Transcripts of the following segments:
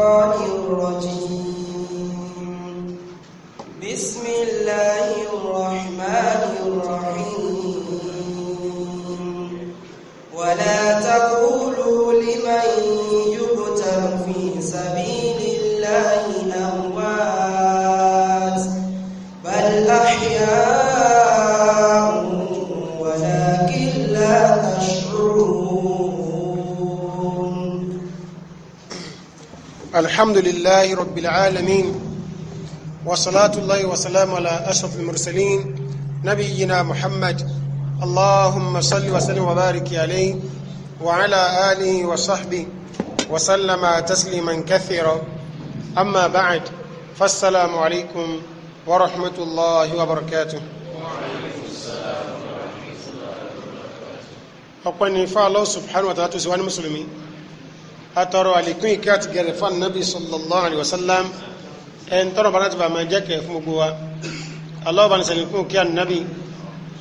الشيطان الرجيم الحمد لله رب العالمين وصلاة الله وسلام على أشرف المرسلين نبينا محمد اللهم صل وسلم وبارك عليه وعلى آله وصحبه وسلم تسليما كثيرا أما بعد فالسلام عليكم ورحمة الله وبركاته وعليكم أقول ورحمة الله سبحانه وتعالى سوى المسلمين atọrọ àlékún ìkẹ́ àti gẹ̀rẹ̀ fún ànábì sallallahu alayhi wa sallam ẹn tọrọ bàrá ti bà máa jẹ́ kẹ̀ fún gbogbo wa Allah bá ní sàlékún kí ànábì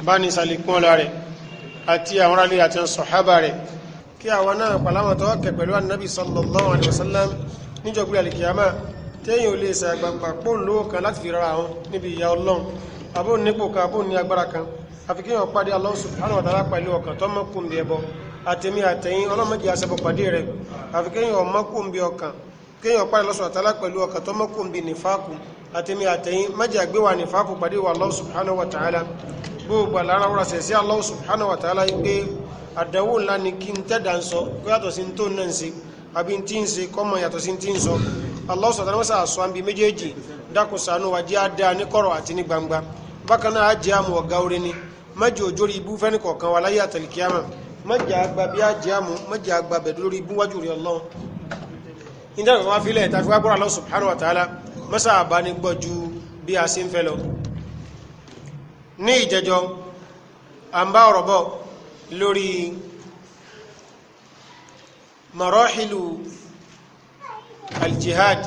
bá ní sàlékún ọlá rẹ̀ àti àwọn aráàlú àti sọ̀hábà rẹ̀ kí àwọn náà pàlámọ̀ tó kẹ̀ pẹ̀lú ànábì sallallahu alayhi wa sallam níjọ̀gbé téèyàn ò lè ṣàgbàgbà pò ń lówó kan láti fi rárá àwọn níbi ìyá ọlọ́run àbó nípò kan àbó ní agbára kan àfi kéèyàn pàdé Allah subhanahu wa ta'ala pẹ̀lú ọkàn tó mọ́kùn bí ẹbọ àtẹ̀mí àtẹ̀yìn ọlọ́mọdé àṣẹpọ̀ pàdé rẹ̀ àfi kéèyàn ọmọkùnbí ọkàn kéèyàn parí lọ́sùn àtàlá pẹ̀lú ọkàn tó mọ́kùnbí nífàkù àtẹ̀mí àtẹ̀yìn mẹ́jì àgbéwà nífàkù pàdé wà Allah subhanahu wa ta'ala gbogbo àlára wúra sẹ̀ sí Allah subhanahu wa ta'ala pé àdánwò ńlá ni kí n tẹ́dà ń sọ kó yàtọ̀ sí tó náà ń ṣe àbí tí ń ṣe kọ́mọ yàtọ̀ sí tí ń sọ Allah subhanahu wa ta'ala sọ àbí méjèèjì dákun ṣàánú wa jẹ́ àdá ní àti ní gbangba bákan náà á àmọ̀ ọ̀gá orin ni mẹ́jì òjórí ibú fẹ́ni kọ̀ọ̀kan láyé àtẹ̀lẹ̀kíámà mọ́jà àgbà bí ajé àmú mọ́jà àgbà bẹ̀dú lórí ibúwájú rí ọlọ́run ìdá ìwọ̀n afílẹ̀ tàbí wábọ́ra lọ subhanahu wa ta'ala mọ́sà àbá ní gbọ́jú bí a sí ń fẹ́ lọ ní ìjẹjọ à ń bá ọ̀rọ̀ bọ̀ lórí marahilu aljihad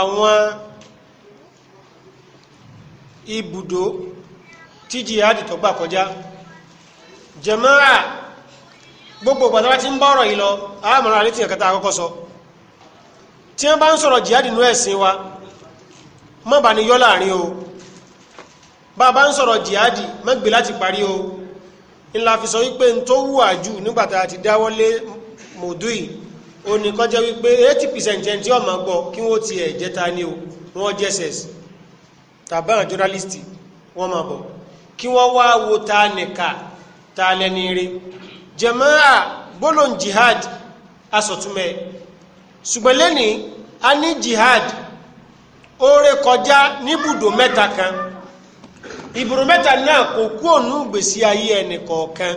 àwọn ibùdó tí jihad tó gbà kọjá jàmáà gbogbo ìgbàdára tí ń bá ọ̀rọ̀ yìí lọ àmọ́ra àlétí ẹ̀kẹta àkọ́kọ́ sọ tí wọ́n bá ń sọ̀rọ̀ jihad nínú ẹ̀sìn wa má bá ní yọ́ láàrin o bá bá ń sọ̀rọ̀ jihad má láti parí o ńlá fi sọ wípé n tó wù àjù nígbàtà àti dáwọ́lé mòdúì ó ní kọjá wípé 80% jẹ́ tí ọmọ gbọ́ kí wọ́n ti ẹ̀jẹ́ ta ni o wọ́n jẹ́ sẹ́s tàbá journalist wọ́n máa bọ̀ kí wọ́n tààlẹ́nire jẹ̀máà gbólóhùn jihad asọ̀túnmẹ́ ṣùgbọ́n lẹ́ni a ní jihad oore kọjá níbùdó mẹ́ta kan ìbùdó mẹ́ta náà kò kú ònú gbèsè ayé ẹnì kọ̀ọ̀kan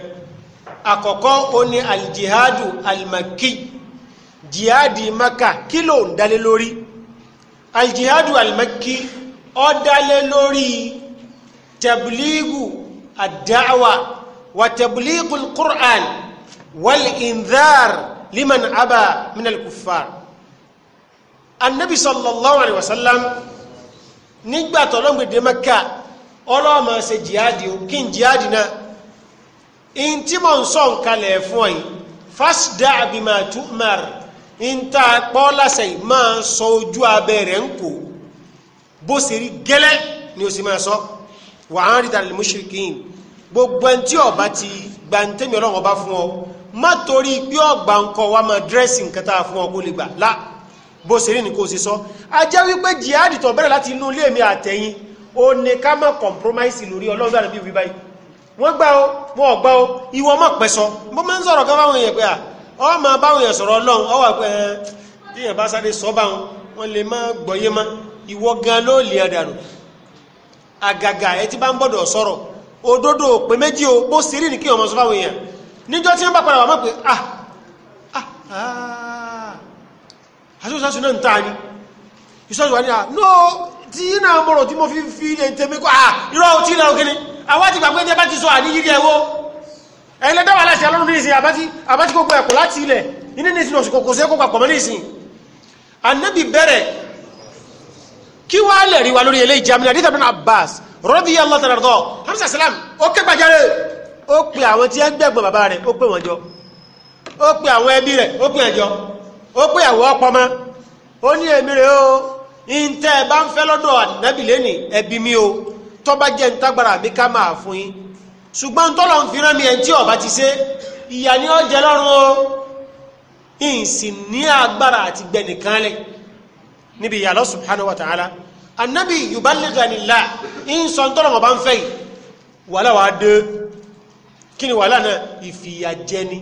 àkọ́kọ́ ó ní aljihadu almaki jihadi maka kí ló ń dalé lórí aljihadu almaki ó dalé lórí tabligu adáwà وتبليغ القرآن والإنذار لمن أبى من الكفار النبي صلى الله عليه وسلم nígbà tọ́lọ́n gbèdé mẹ́kà ọlọ́ọ̀mọ̀ ṣe jihadi o kí n jihadi náà in tí mọ̀ ń sọ nkalẹ̀ fún ọ̀yí fásdá àbìmọ̀ àtúmọ̀r in ta pọ́ lásẹ̀ máa sọ ojú abẹ́ rẹ̀ ń kò bó ṣe rí gẹ́lẹ́ ni ó sì máa sọ wàhán rí tàbí mushrikin gbogbo ẹni tí ọba ti gba ní tẹ́mi ọlọ́run ọba fún ọ má torí pé ọgbà ńkọ wa máa dírẹ́sì nǹkan tá a fún ọ kó lè gbà lá bó ṣe rí ni kò ṣe sọ a jẹ́ wípé jihadi tó bẹ̀rẹ̀ láti inú ilé mi àtẹ̀yìn ó ní ká má compromise lórí ọlọ́run àdàbí ìwé báyìí wọ́n gbá o wọ́n ọ̀gbá o ìwọ ọmọ pẹ̀sọ bó máa ń sọ̀rọ̀ ká báwọn èèyàn pé à ọ máa báwọn èèyàn sọ̀rọ̀ ọlọ́run ọwọ́ àpẹ tíyàn bá sáré sọ báwọn wọn lè má gbọ́yé má ìwọ gan ló lè dànù àgàgà ẹ ti bá ń bọ̀dọ̀ sọ̀rọ̀ òdodo òpè méjì o bó sì rí ní kí ọmọ sọ fáwọn èèyàn níjọ́ tí wọ́n bá padà wà mọ́ pé ah ah ah àṣíṣàṣù náà ń ta ni ah, no tí iná mọ̀rọ̀ tí mo fi fi ilẹ̀ tẹ́mi ah irọ́ tí ilẹ̀ òkèlè àwọn ti gbàgbé tẹ́ bá ti sọ àní yírí ẹ̀wọ́ ẹ̀yìn lẹ́dá wà láti alọ́run nísìn àbátí àbátí gbogbo ẹ̀kọ́ láti ilẹ̀ iná nísìn oṣù kòkòsẹ́ kó kí wàá lè rí wa lórí eléyìí jamiu adita bin abbas radiyallahu ta'ala anhu hamza salam ó ké gbàjáre ó pe àwọn tí ẹ ń gbẹ̀gbọ̀n bàbá rẹ̀ ó pè wọ́n jọ ó pe àwọn ẹbí rẹ̀ ó pè wọ́n ó pe àwọn ọ̀pọ̀ ó ní èmi rẹ̀ o ìǹtẹ́ ẹ bá ń fẹ́ lọ́dọ̀ ànábì lẹ́nì ẹbí mi o tọ́ba jẹ́ ń tágbára mi ká máa fún yín ṣùgbọ́n tọ́lọ̀ ń fi rán mi ẹ̀ tí ọba ti ṣe ìyà ni ó jẹ lọ́rùn o ìsìn ní agbára àti gbẹnìkan lẹ́yìn níbi ìyá Allah subhanahu wa ta'ala anabi yuballighanillah ń sọ tọ́lọ̀ wọn bá ń fẹ́ yìí wàhálà wàá dé kí ni wàhálà náà ìfìyàjẹ ni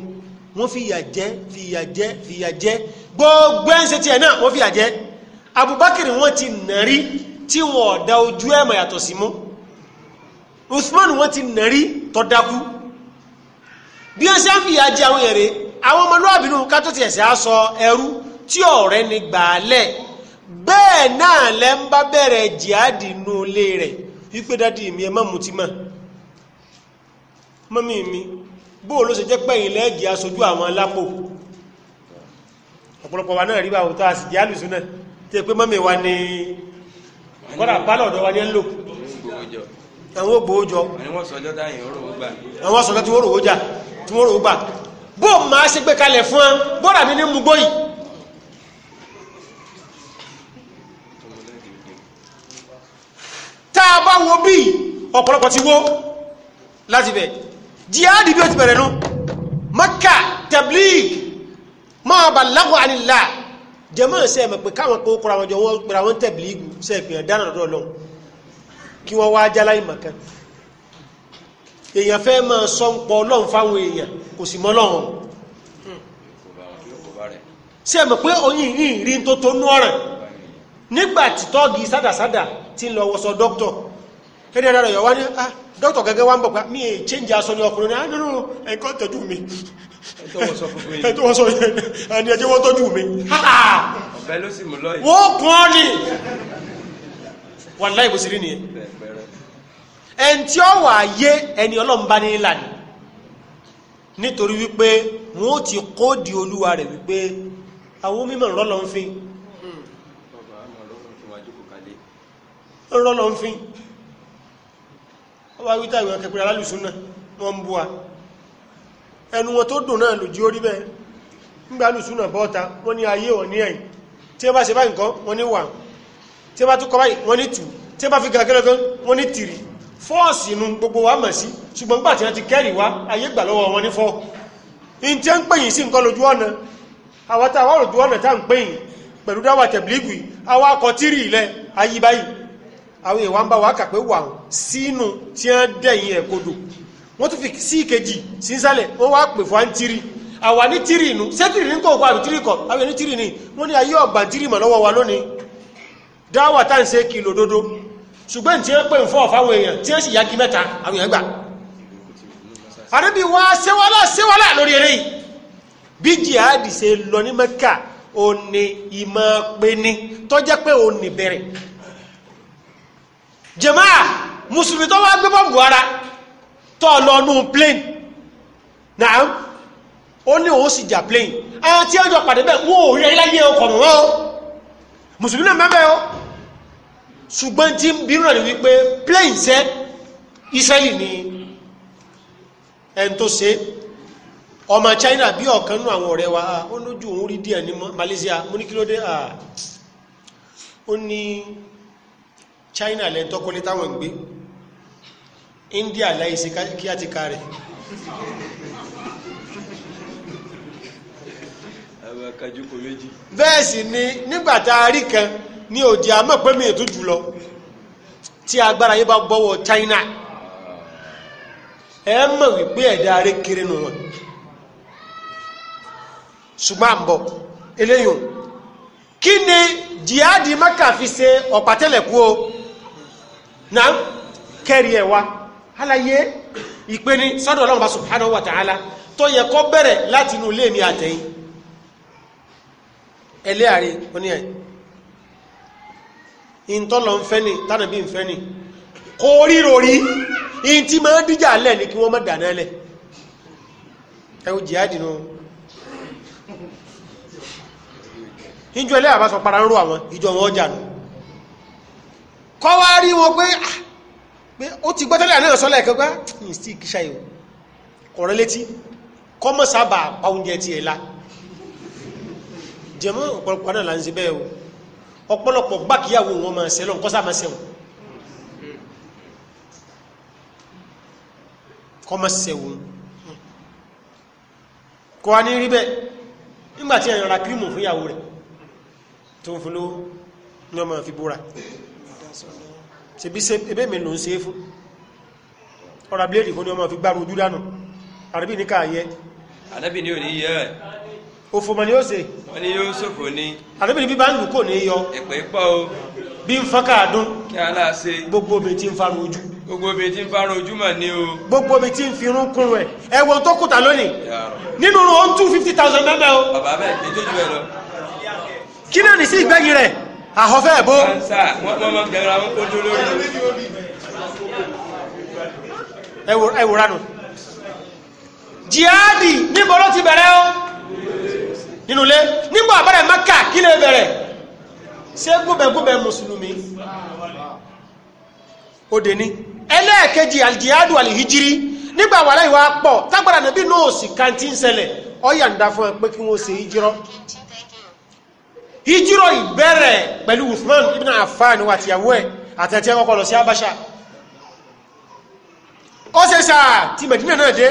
wọ́n fìyàjẹ fìyàjẹ fìyàjẹ gbogbo ẹ̀ ń ṣe tiẹ̀ náà wọ́n fìyàjẹ Abubakar wọ́n ti nàrí tí wọn ọ̀dà ojú ẹ̀ mọ̀ yàtọ̀ sí mú Usman wọ́n ti nàrí tọ́dákú bí wọ́n ṣe ń fìyà jẹ àwọn èrè àwọn ọmọlúwàbí nù ká tó á sọ ẹrú tí ọ̀rẹ́ ni gbàálẹ̀ bẹ́ẹ̀ náà lẹ́ ń bá bẹ̀rẹ̀ jihadi nù ilé rẹ̀ wípé dádì mi ẹ má mutí mọ́ mọ́mí mi bóò ló ṣe jẹ́ pẹ́yìn lẹ́ẹ̀gì aṣojú àwọn alápò ọ̀pọ̀lọpọ̀ wa náà rí báwo tó a sì jẹ́ àlùsùn náà tí ẹ pé mọ́mí wa ni kọ́dà pálọ̀dọ̀ wa ni ẹ ń lò àwọn ògbóòjọ àwọn sọ̀jọ́ tí wọ́n rò ó jà bóò máa ṣe gbé kalẹ̀ fún wọn bọ́dà mi tá a bá wo bí ọ̀pọ̀lọpọ̀ ti wó láti bẹ̀ jihadi bí ó ti bẹ̀rẹ̀ nú maka tablig máa bà lágùn àlìlá jẹ́mọ́ ṣe mọ̀ pé káwọn kó kọ́ra wọn jọ wọ́n pẹ̀lú àwọn tablig ṣe ìpìyàn dáná lọ́dọ̀ lọ kí wọ́n wá jálá ìmọ̀kan èèyàn fẹ́ máa sọ ń pọ̀ ọlọ́run fáwọn èèyàn kò sì mọ́ lọ́run pé oyin yìí rí tó tó nú ọ̀ràn nígbà tí sádàsádà tí ń lọ wọṣọ dókítọ̀ kéde ara rẹ̀ yọ wá ní ah dókítọ̀ gẹ́gẹ́ wá ń bọ̀ mí èyí change aṣọ ni ọkùnrin náà ah, nínú ẹ̀kọ́ tọ́jú mi ẹ̀tọ́ wọ́n sọ ẹni ẹjẹ́ wọ́n tọ́jú mi ọ̀bẹ ló sì mú lọ́yìn wọ́n kún ọ́ ni wàláhì bó sì rí nìyẹn ẹni tí ó wà yé ẹni ọlọ́run bá ní ìlànà nítorí wípé wọn ó ti kóòdì rọ́lọ́ ń fín ọwá wítà ìwọ̀n kẹpẹ̀rẹ̀ alálùsúnnà wọ́n bú a ẹnu wọn tó dùn náà jí orí bẹ́ẹ̀ nígbà alùsúnnà bọ́ta wọ́n ni ayé wọ́n ní ẹ̀yìn tí wọ́n bá ṣe bá nǹkan wọ́n ni wà tí bá kọ báyìí tí bá fi gàgẹ́lẹ́gẹ́ wọ́n tìrì fọ́ọ̀sì inú gbogbo wa mọ̀ sí ṣùgbọ́n tí wọ́n ti kẹ́rì wá ayé gbà lọ́wọ́ wọn fọ́ in tí ń pèyìn sí nǹkan lójú ọ̀nà àwọn lójú àwọn èèwà ń bá wà kàpé wà sínú tí wọ́n dẹ̀yìn ẹ̀ kodò wọ́n tún fi sí ìkejì sí ìsàlẹ̀ wọ́n wá pè fún àǹtírí àwa ní tírì inú sẹ́tìrì ní kò kó àbí tírì kọ̀ àwọn ní tírì ní wọ́n ní ayé ọ̀gbà tírì mọ̀ lọ́wọ́ wa lónìí dáwà tá ń ṣe kìlò dodo ṣùgbọ́n tí wọ́n pè ń fọ́ ọ̀fáwọn èèyàn tí wọ́n sì yagi mẹ́ta àwọn èèyàn gbà àdébí wá ṣéwálà ṣéwálà lórí eléyìí bí jihadi ṣe lọ ní mẹ́kà òní ìmọ̀ pé ní tọ́jẹ́ pé òní bẹ̀rẹ̀ jàmáà mùsùlùmí tó wá gbé bọ́ọ̀bù ara tó lọ nú plane náà ó ní òun sì jà plane àwọn tí ọjọ́ pàdé bẹ́ẹ̀ wọ́n ò rí ayé láyé ọkọ̀ mọ́ ọ́ mùsùlùmí náà mẹ́mẹ́ ọ́ ṣùgbọ́n tí ń bínú rẹ̀ wípé plane ṣẹ́ Israeli ni ẹni tó ṣe ọmọ China bí ọ̀kan nú àwọn ọ̀rẹ́ wa ó lójú òun rí díẹ̀ ní Malaysia mo ní kí ló dé ó ní. China lẹ́ tọ́kọlé táwọn ń gbé India láìsí kí á ti ká rẹ̀ bẹ́ẹ̀ sì ni nígbàtà rí kan ní òjì àmọ́ pé mi ètò jùlọ tí agbára yí bá bọ́wọ́ China ẹ mọ̀ wípé ẹ̀dá rẹ̀ kéré nù wọn ṣùgbọ́n à ń bọ̀ eléyìí kí ni jihadi maka fi ṣe ọ̀pátẹ́lẹ̀kú o. na kẹrì ẹ̀wà aláyé ìpeni sọ́dọ̀ ọlọ́run bá subhanahu wa tó yẹ kọ́ bẹ̀rẹ̀ láti inú ilé mi àtẹ̀yìn ẹlẹ́àrí oní ẹ̀ ìntọ́lọ ń ni ń ni kò ríro rí in tí máa díjà ní kí wọ́n mọ́ dáná ẹlẹ́ kọ́ wá rí wọn pé ah, pé ó ti gbọ́tẹ́lẹ̀ náà sọ́lẹ̀ kan pé ní ah, sí kíṣà ìwò kọ̀rọ̀ létí kọ́ mọ́ sábà pa oúnjẹ ti ẹ̀ la jẹ̀mọ́ ọ̀pọ̀lọpọ̀ náà là ń ṣe bẹ́ẹ̀ o ọ̀pọ̀lọpọ̀ gbàkíyàwó wọn máa ṣẹlọ kọ́sà máa ṣẹ̀wọ̀n kọ́ máa ṣẹ̀wọ̀n kọ́ wa ní rí bẹ́ẹ̀ nígbà ẹ̀yàn ra kírímù fún ìyàwó rẹ̀ tó ń fi búra ṣebí ebe mi lò ń ṣe fún ọ̀rọ̀ abúlé fún ni ọmọ fi gbára ojú dánù àrẹ́bì ní káàyẹ àrẹ́bì ní òní yẹ ẹ̀ òfò mọ̀ ni ó ṣe wọ́n ni yóò ṣòfò ní àrẹ́bì ní bí bá ń lù kò ní yọ ẹ̀pẹ́ pọ̀ o bí ń fọ́n káàdún kí a náà ṣe gbogbo mi ti ń fara ojú gbogbo mi ti ń fara ojú mà ní o gbogbo mi ti ń fi irun kún rẹ̀ ẹ̀wọ̀n tó kùtà lónìí nínú rún ó ń tú fifty thousand mẹ́mẹ́ o bàbá bẹ́ẹ̀ ní tójú ẹ ní sí ìgbẹ́yìn rẹ̀ a àhọ́fẹ́ ẹ̀bó. ẹwùránù jihadi níbo ló ti bẹ̀rẹ̀ o nínú ilé níbo àbẹ̀rẹ̀ maka kí lè bẹ̀rẹ̀ ṣé gúnbẹ̀gúnbẹ̀ mùsùlùmí òde ní ẹlẹ́ẹ̀kejì aljihadu alihijiri nígbà wàlẹ́ ìwà pọ̀ tágbàdà nàbí náà sì kàntí ń ṣẹlẹ̀ ọ̀yà ń da fún ẹ pé kí wọ́n ṣe hijirọ́ hijiro ìbẹ̀rẹ̀ pẹ̀lú Uthman ibn Affan wa tìyàwó ẹ̀ àtẹ̀tí ẹkọ́kọ́ lọ sí Abasha ó ṣe sáà tí Medina náà dé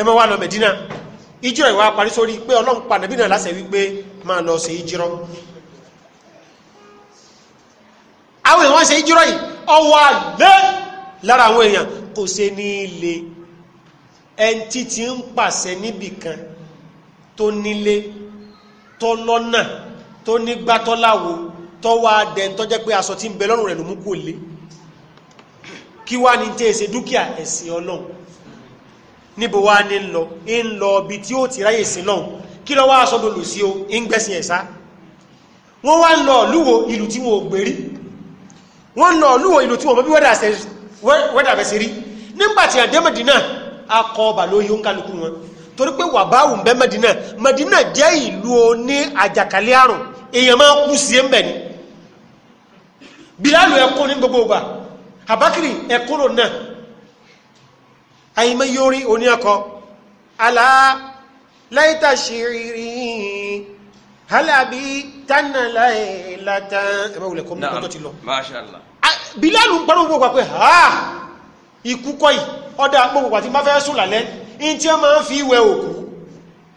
ẹmọ wa lọ Medina hijiro ìwà parí sórí pé Ọlọ́run pa nàbí náà láṣẹ wípé máa lọ ṣe hijiro àwọn èèyàn wọ́n ṣe hijiro yìí ọwọ́ àlẹ́ lára àwọn èèyàn kò ṣe ní ilé ẹni tí ti ń pàṣẹ níbìkan tó nílé tó lọ́nà tó nígbà tó láwo tó wá dẹ̀ tó jẹ́ pé aṣọ tí ń bẹ lọ́rùn rẹ̀ ló mú kó lé kí wá ní tẹ́ ṣe dúkìá ẹ̀sìn ọlọ́run níbo wá ní ń lọ ń lọ bí tí ó ti ráyè sí lọ́hùn kí lọ wá aṣọ dolù sí o ń gbẹ̀sìn ẹ̀sá wọ́n wá lọ lúwo ìlú tí wọn gbé rí wọ́n lọ lúwo ìlú tí wọn bí wẹ́dà fẹ́ sí rí nígbàtí àdémọ̀dì náà akọ ọba lóyún kálukú wọn torí pé wàbáwù ń bẹ Mẹ́dínà Mẹ́dínà jẹ́ ìlú oní àjàkálẹ̀ àrùn èèyàn máa kú sí ń bẹ̀ ni Bilalu ẹkún ní gbogbo ìgbà Abakiri ẹkúrò náà àyìnbó yọrí oní ọkọ ala láìta ṣìírí halabi tánà láìláta ẹ̀mọ́ wulẹ̀ kọ́ mi kó tó ti lọ. Bilalu ń parọ́ gbogbo ìgbà pé ha ikú kọ́ yìí ọ̀dà gbogbo ìgbà tí n bá sùn lálẹ́ in tí wọ́n máa ń fi ìwẹ̀ òkú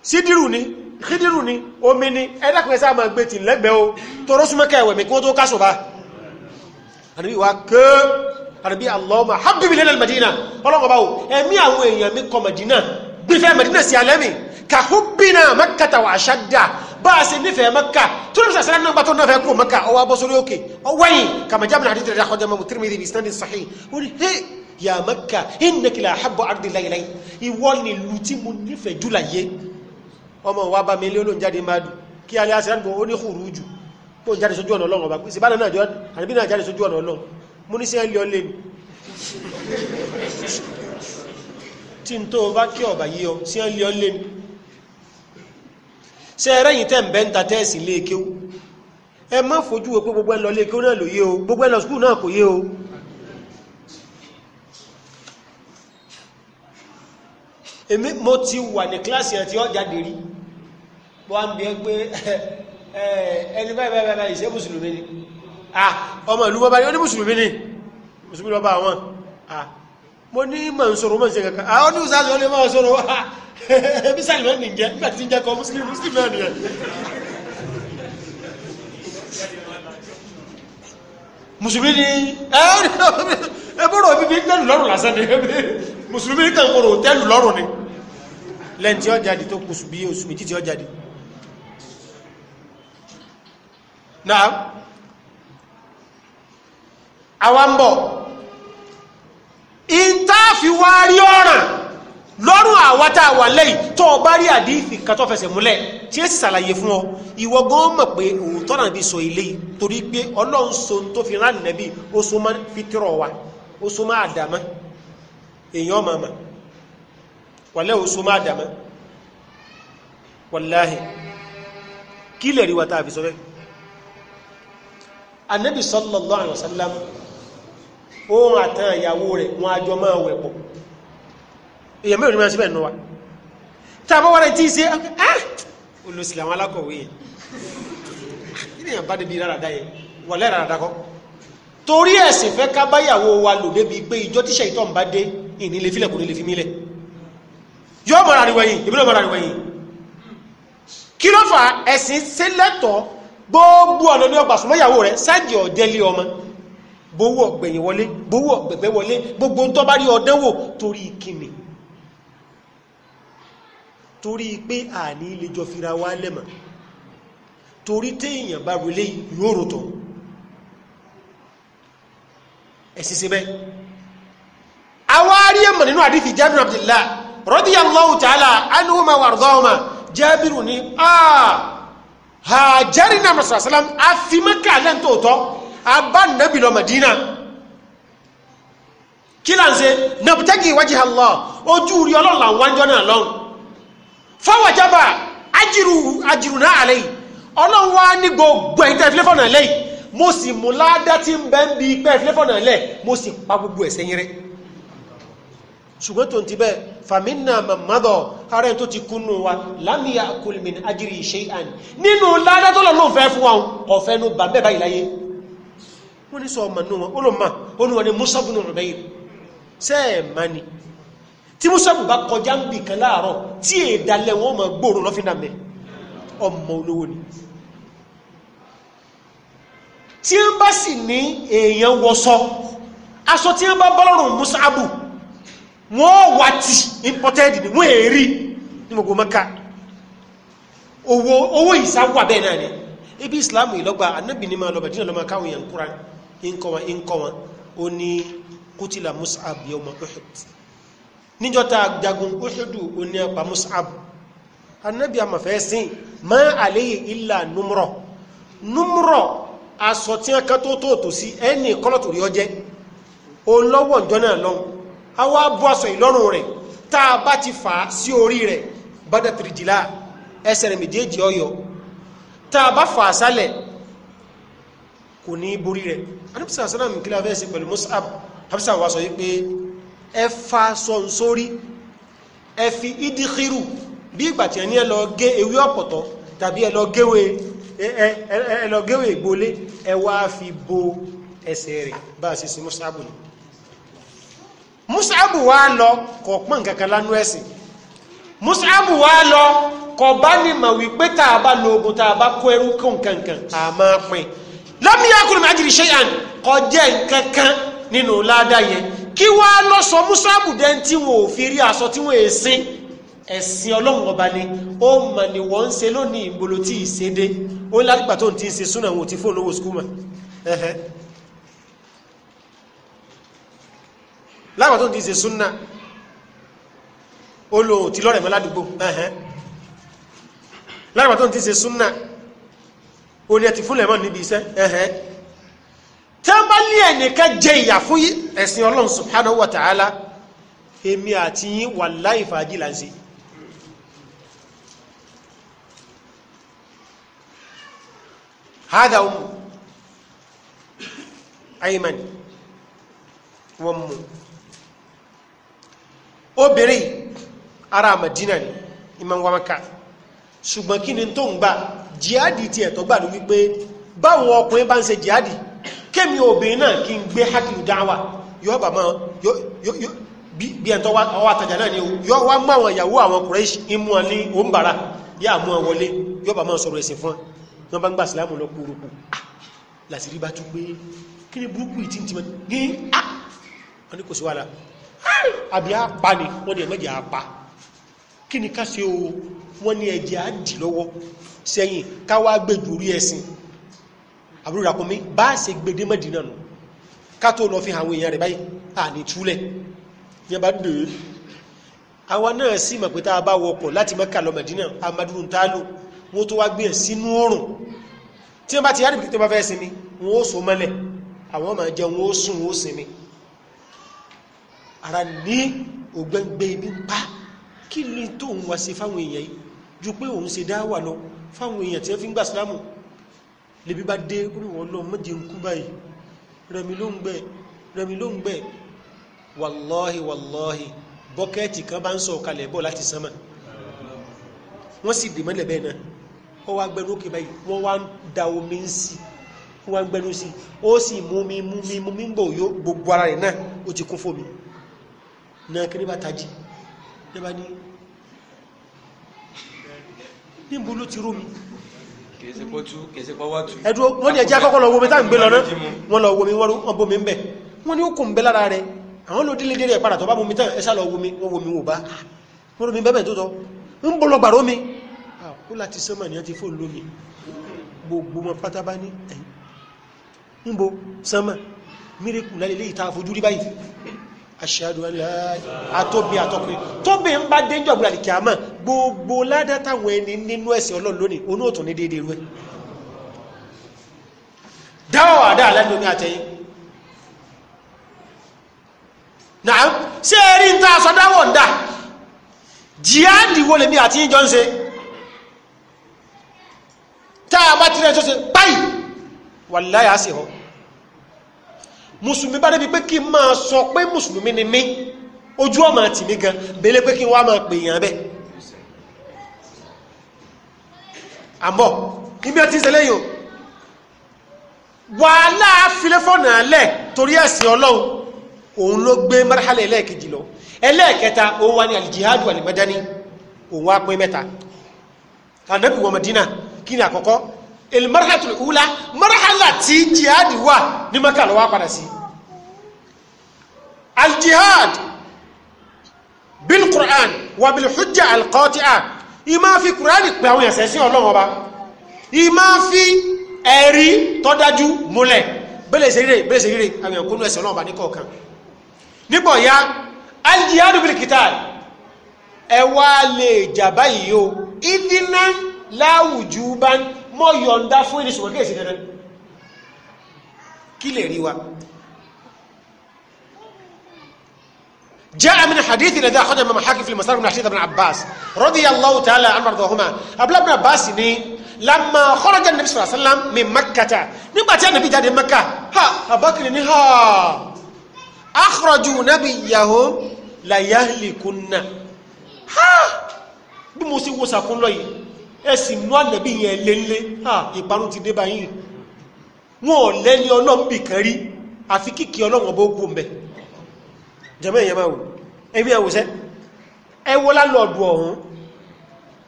sídìrù ni kídìrù ni omi ni ẹ̀dàkùnrin sáà máa gbé tì lẹ́gbẹ̀ẹ́ o tọrọ súnmọ́kẹ́ ẹ̀wẹ̀ mi kí wọ́n tó kásò bá àdàbí wa ké àdàbí allahumma habib ilẹ̀ al-madina ọlọ́wọ́ báwo ẹ̀mí àwọn èèyàn mi kọ madina gbífẹ́ madina sí alẹ́ mi ka hubbina makkata wa ashadda bá a ṣe nífẹ̀ẹ́ makka tó lè sàṣẹ́ náà ya Makkah innaki la habbu ardi láìláì ìwọ ni ìlú tí mo nífẹ̀ẹ́ jù láyé ọmọ wa bá mi lé olóhùn jáde máa dùn kí alẹ́ àṣẹ àdúgbò ó ní kùrú jù kó jáde sójú ọ̀nà ọlọ́run ọba ìsìnbára náà jọ àdìbí náà jáde sójú ọ̀nà ọlọ́run mo ní sí ẹ̀ lé ọ lé mi tí n tó bá kí ọ̀bà yí ọ sí ọ́n lé ọ́n lé mi ṣe ẹ̀rẹ́yìn tẹ́ ń bẹ́ ń ta tẹ́ẹ̀sì léèkéwú e ẹ má fojú wo pé gbogbo ẹ̀ lọ e o gbogbo ẹ̀ lọ skúù náà kò yé o èmi mo ti wà ní kíláàsì ẹ̀ tí ó jáde rí wọ́n á ń bí ẹ pé ẹni báyìí báyìí báyìí ṣe mùsùlùmí ni ah ọmọ ìlú bọ́ báyìí ó ní mùsùlùmí ni mùsùlùmí lọ bá àwọn ah mo ní mọ̀ ń sọ̀rọ̀ mọ̀ ń ṣe kankan ah ó ní ìsáàsì ó lè máa sọ̀rọ̀ ah ẹbí sàlìmọ́ ní jẹ́ nígbà tí ń jẹ́ kọ mùsùlùmí mùsùlùmí náà nìyẹn mùsùlùmí ni ẹbọ̀rọ̀ bíbí tẹ́lù lọ́rùn lásán ni mùsùlùmí kan kọ̀rọ̀ tẹ́lù lọ́rùn ni lẹ́yìn tí ó jáde tó kù bí oṣù méjì tí ó jáde náà àwa ń bọ̀ ìntàfi wá rí ọ̀ràn lọ́rùn àwa tá a wà lẹ́yìn tó o bá rí àdífì kan tó fẹsẹ̀ múlẹ̀ tí èsì ṣàlàyé fún ọ ìwọ gan mọ̀ pé òótọ́ náà bí sọ ilé torí pé ọlọ́run so tó fi rán nẹ́bí ó so máa fi tírọ̀ wa ó so máa dàmọ́ èèyàn mọ̀ mọ̀ wàlẹ́ òṣù máa dàmẹ́ wàláhì kí lè rí wa tàbí sọ bẹ́ anẹ́bì sallallahu alaihi wasallam ohun àtàn ìyàwó rẹ̀ wọn àjọ máa wẹ̀ pọ̀ èyàn mẹ́rin máa síbẹ̀ nù wa tàbí wọ́n rẹ̀ tí í ṣe olùsìlẹ̀ àwọn alákọ̀wé yẹn ìrìyàn bá débi ráràdá yẹn wàlẹ́ ráràdá yóò mọ̀ra rí wẹ̀yìn ìbílẹ̀ mọ̀ra rí wẹ̀yìn kí ló fà ẹ̀sìn sílẹ̀tọ̀ gbogbo ọ̀nà ní ọgbà súnmọ́ ìyàwó rẹ̀ sáàjì ọ̀dẹ́lé ọmọ gbowó ọ̀gbẹ̀yìn wọlé gbowó ọ̀gbẹ̀gbẹ̀ wọlé gbogbo ń tọ́bá rí ọdẹ́wò torí kíni torí pé àní ilé jọ fira wá lẹ́mọ̀ torí téèyàn bá rọlé yóò rọtọ̀ ẹ̀sìn radiyallahu ta'ala anhuma wardahuma Jabiru ni ah, hajarina masasalam afimaka alantootọ aba nabi lọ Madina kílànse nabtagi wajha Allah ojú rí ọlọ́la wájọ́ náà lọ́n fọwọ́jábà ajiru ajiru náà àlẹ́ yìí ọlọ́run wá ní gbogbo ẹ̀yìn tẹ́ fílẹ́fọ̀nà lẹ́yìn mo sì mú ládá tí ń bẹ́ ń bi pẹ́ fílẹ́fọ̀nà lẹ́ mo sì pa gbogbo ẹ̀sẹ̀ yẹn ṣùgbọ́n tó ń ti bẹ́ fàmínà mọ̀mọ́dọ̀ ààrẹ tó ti kúnnù wa lámìyà kùlmìn ajírí ṣe àní nínú ládá tó lọ́nà òfẹ́ fún wọn ọ̀fẹ́ ní bàbẹ́ báyìí láyé wọ́n ní sọ ọmọ nù wọn olùmọ̀ olùwọ̀n ni musabu nù rẹ̀ sẹ́ẹ̀ mani tí musabu bá kọjá ń bì kan láàárọ̀ tí èdàlẹ̀ wọn mọ̀ gbòòrò lọ́fínà mẹ́ ọmọ olówó ni tí wọ́n bá sì ní èèyàn wọ́sọ aṣọ tí wọ́n bá bọ́lọ́rùn musabu wọ́n wati tí imported ni wọ́n èrí ní gbogbo mẹ́ka owó owó ìsáwà bẹ́ẹ̀ náà ni ibi islam ìlọ́gba anábì ní máa lọ́bàá dínà lọ́mọ káwọn èèyàn kúra ńkọ́ wọn ńkọ́ wọn ó ní kútìlà mus'ab yawma uhud níjọ́ ta jagun uhudu ó ní apá mus'ab anábì àmàfẹ́ ma má àléyè ìlà numrọ̀ numrọ̀ aṣọ tí wọn kan tó tó tò sí ẹnì kọ́lọ̀tò a wá bú aṣọ ìlọ́rùn rẹ̀ tá a bá ti fà á sí orí rẹ̀ bàdà tìrìjìlá ẹsẹ̀ rẹ̀ méjèèjì ọyọ tá a bá fà á sálẹ̀ kò ní borí rẹ̀ anamisa musab hafsa wa sọ wípé fa sọ̀nsórí ẹ fi idikiru bí ìgbà tí ẹni ẹ lọ gé ewé ọ̀pọ̀tọ́ tàbí ẹ lọ géwé ẹ lọ géwé ìgbólé ẹ wá fi bo ẹsẹ̀ rẹ̀ bá a ṣe sin musabu musaabu wa lọ kọ̀ pọ̀n kankan lánú ẹ̀sìn musaabu wa lọ kọ̀ bá ní mà wípé tá a bá lo ogun a bá kó ẹrú kó nkankan a máa pin lọ́mí akùnrin májìlì ṣe àn kọ jẹ́ nkankan nínú ládàá yẹn kí wá lọ sọ musaabu dẹ́ tí wọn ò fi rí aṣọ tí wọn è sin ẹ̀sìn ọlọ́run ọba ni ó mà ní wọ́n ń ṣe lónìí ìgbolo tí ì ṣe dé ó lágbà tó ń ti ń ṣe súnà wọn ò ti fóònù owó skúmà láwọn tó ti ṣe súnà ó lo òtí lọ́rẹ̀ mọ́ ládùúgbò láwọn tó ti ṣe súnà ó ní ẹtì fúnlẹ̀ mọ́ níbi iṣẹ́ tí wọ́n bá lé ẹnìkan jẹ ìyà fún ẹ̀sìn ọlọ́run subhanahu wa ta'ala èmi àti yín wàláhì fàájì là ayman wọ́n mú obìnrin ara Madina ni imam wa Maka ṣùgbọ́n kí ni tó ń gbà jihadi ti ẹ̀tọ́ gbà ló wípé báwọn ọkùnrin bá ń ṣe jihadi kémi obìnrin náà kí n gbé hakilu dáwà yóò bà mọ́ bí ẹ̀ntọ́ ọwọ́ àtajà náà ni yóò wá mú àwọn ìyàwó àwọn Quraysh imú wọn ní òǹbàrà yá àmú wọn wọlé yóò bà mọ́ sọ̀rọ̀ ẹ̀sìn fún wọn bá ń gbà sílámù lọ kúrúkú ah! làṣírí bá àbí àpá ni wọ́n ní ẹ̀mẹ́jẹ̀ àpá kí ni ká ṣe o wọ́n ní ẹ̀jẹ̀ á dì lọ́wọ́ sẹ́yìn káwá gbèjù orí ẹ̀sìn àbúrò ràkúnmí bá ṣe gbèdé mẹ́dínà nù ká tó lọ fi àwọn èèyàn rẹ̀ báyìí àní túlẹ̀ ní ẹ bá dè a bá wọkọ̀ láti Mẹ́kà lọ Mẹ̀dínà amadúró ń tá lò wọ́n tó wá gbé ẹ̀ sínú oòrùn tí wọ́n bá ti ara ní ògbẹ́ngbẹ́ ibi ń pa kí ni tó ń wá ṣe fáwọn èèyàn yìí ju pé òun ṣe dáwà lọ fáwọn èèyàn tí wọ́n fi ń gbà sílámù lèbi bá dé orí wọn lọ méje ń kú báyìí rẹmi ló ń gbẹ rẹmi ló ń gbẹ wàlọ́hì wàlọ́hì bọ́kẹ́ẹ̀tì kan bá ń sọ kalẹ̀ bọ̀ láti sánmà wọ́n sì dì mọ́lẹ̀ bẹ́ẹ̀ náà ó wá òkè báyìí wọ́n wá da omi sí wọ́n wá sí ó sì mú mi mú mi mú mi ń bọ̀ yó gbogbo ara rẹ̀ náà ó ti kún fómi náà kí ní bá tají lẹ́bàá ní níbo ló ti rómi ẹ̀dù wọ́n ni ẹjẹ́ akọ́kọ́ lọ wo mi tá ń gbé lọ náà wọ́n lọ wo mi wọ́n bó mi ń bẹ̀ wọ́n ni ó kò ń bẹ lára rẹ̀ àwọn ló dílé dérẹ̀ padà tó bá bomi tán ẹsà lọ wo mi wọ́n wo ah, láti sánmà ní àti fóònù lómi gbogbo wọn pátá bá ní ẹ̀yìn ń bo sánmà mírèkù lálẹ́ lè àfojú rí báyìí aṣáájú aláì àtòbí àtọkùnrin tóbi ń bá dénjọ́ gbọ́dọ̀ àdìkì àmọ́ gbogbo ládàtàwọn ẹni nínú ẹ̀sìn ọlọ́run lónìí onú òtún ní déédéé rú ẹ dáwọ̀ àdá àlẹ́nu ní àtẹ̀yìn náà ṣé ẹ rí nta aṣọ dáwọ̀ ń dà jíáàdì wo lèmi àti yíjọ ń ṣe tá a bá tilẹ̀ tó ṣe báyìí wàláyà á sì hàn mùsùlùmí bá débi pé kí n máa sọ pé mùsùlùmí ni mí ojú ọmọ àti mi gan bẹ̀lẹ̀ pé kí n wá máa pè yàn bẹ́ẹ̀ àmọ́ ibi ọtí ìṣẹ̀lẹ̀ yìí o wàhálà filẹ́fọ́nù alẹ́ torí ẹ̀sìn ọlọ́run òun ló gbé marhala ẹlẹ́ẹ̀kejì lọ ẹlẹ́ẹ̀kẹta òun wà ní alijihadu alimadani òun wá pín mẹ́ta kí ni àkọ́kọ́ ilmarhatul ula marhala tí jihad wà ní maka ló wá padà sí aljihad bil qur'an wa bil hujja al qati'a ima fi qur'an pé àwọn ẹsẹ̀ sí Ọlọ́run Ọba ima fi ẹ̀rí tó dájú múlẹ̀ bele se rire bele se rire àwọn kunu ẹsẹ̀ Ọlọ́run Ọba ní kọ̀ọ̀kan nígbà ya aljihad bil qital ẹ mọ́ yọ̀ǹda fún ìrìn ṣùgbọ́n kéèsì dandan kí lè rí wa جاء من حديث الذي أخرجه من حاكم في المسار من حديث ابن عباس رضي الله تعالى عن رضاهما قبل ابن عباس ني لما خرج النبي صلى الله عليه وسلم من مكة نبقى النبي جاد مكة ها أبكر ني ها أخرجوا نبيهم ليهلكن ها بموسي وسكن لي ẹ sì mú ànàbí yẹn lélé ìparun ti dé báyìí wọn ò lẹ́ni ọlọ́run bì kan rí àfi kíkì ọlọ́run ọba ogun mẹ́ jẹ́mọ́ ìyẹn máa wò ẹbí ẹ wò sẹ́ ẹ wọ́n lálọ́ọ̀dù ọ̀hún